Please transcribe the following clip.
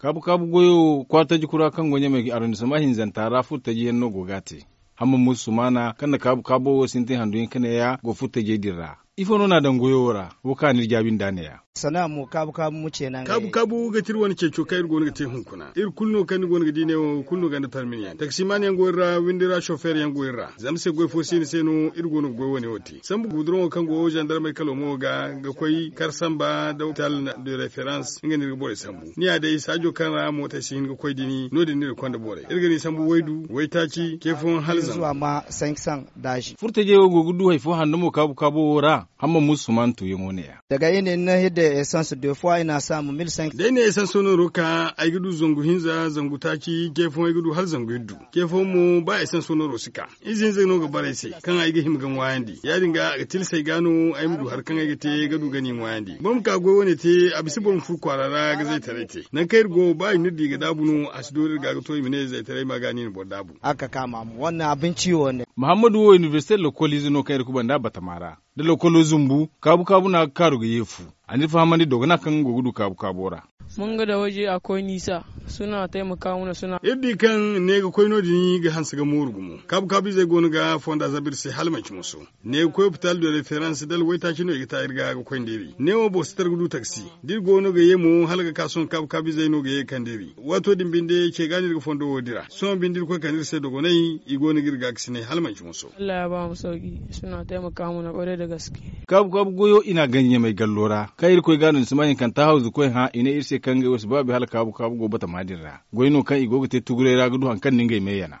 kabu kabu goyo kwa ji kura kan gonye mai aron sama hin zantara futa ji yanno gogate hamu musu mana kana kabu kabo handu handuin kana ya go futa je dirra ifono na dan goyora woka ni jabin daneya ya. Salamu kabu kabu muce nan nan kabu kabu ga tirwani ce co kai gon ga te hunkuna ir kulno kan gon ga dine kullu ga tarmin yan taksi man yan goyra windira chauffeur yan goyra zam se goy fosin seno ir gon goy woni woti sam bu gudron kan go gendarme kalo mo ga ga koyi kar san ba da tal de reference ngani ga bore sambu ni ada jo kan ra mota shi ga koyi dini no dini ko da bore ir gani sambu waidu ci, kefon halzan zuwa ma 500 daji furtaje go gudu hay fo hannu mo kabu kabu wora hamma musu man yi ngone ya daga ne na hidde essence de fuwa ina samu Da yi ne essence sono roka yi gudu zangu hinza zangu gefen a yi gudu har zangu hiddu Gefen mu ba essence sono rosika izin zai nuna bare sai kan gahim gan wayan di. ya dinga ga tilisai gano yi mudu har kan a yi gate gadu gani wayandi bam ka go wone te abisi bom fu kwarara ga zai tare te nan kai go ba nu a su asidorir ga gato toyi mine zai tare magani ni dabu. aka kama mu wannan abin ciwo ne muhammadu university lokoli zino kai kuban da batamara da lokolo zumbu kabu kabu na karu ga yefu ani fahamani dogana kan gogudu kabu ra. mun ga da waje akwai nisa suna taimaka mana suna iddi kan ne ga koyno ni ga hansu ga murgumu kabu kabu zai gona ga fonda zabir sai halmanci musu ne koy fitar da referensi dal waita kino ga ta irga ga koyn deri ne ma bo sitar gudu taxi dir gona ga yemu halga kasuwan kabu kabu zai no ga ye kan deri wato din binde ke ganir ga fonda wadira son bindir ko kanir sai yi i gona girga ga sinai halmanci musu Allah ya ba mu sauki suna taimaka mana kware da gaske kabu kabu goyo ina ganye mai gallora kai koy ganin su mai kan ta hauzu koy ha ina irse kan ga wasu babu hal kabu kabu gobe ta madirra goyno kan igogo te tugure ragudu han kan ninge meyana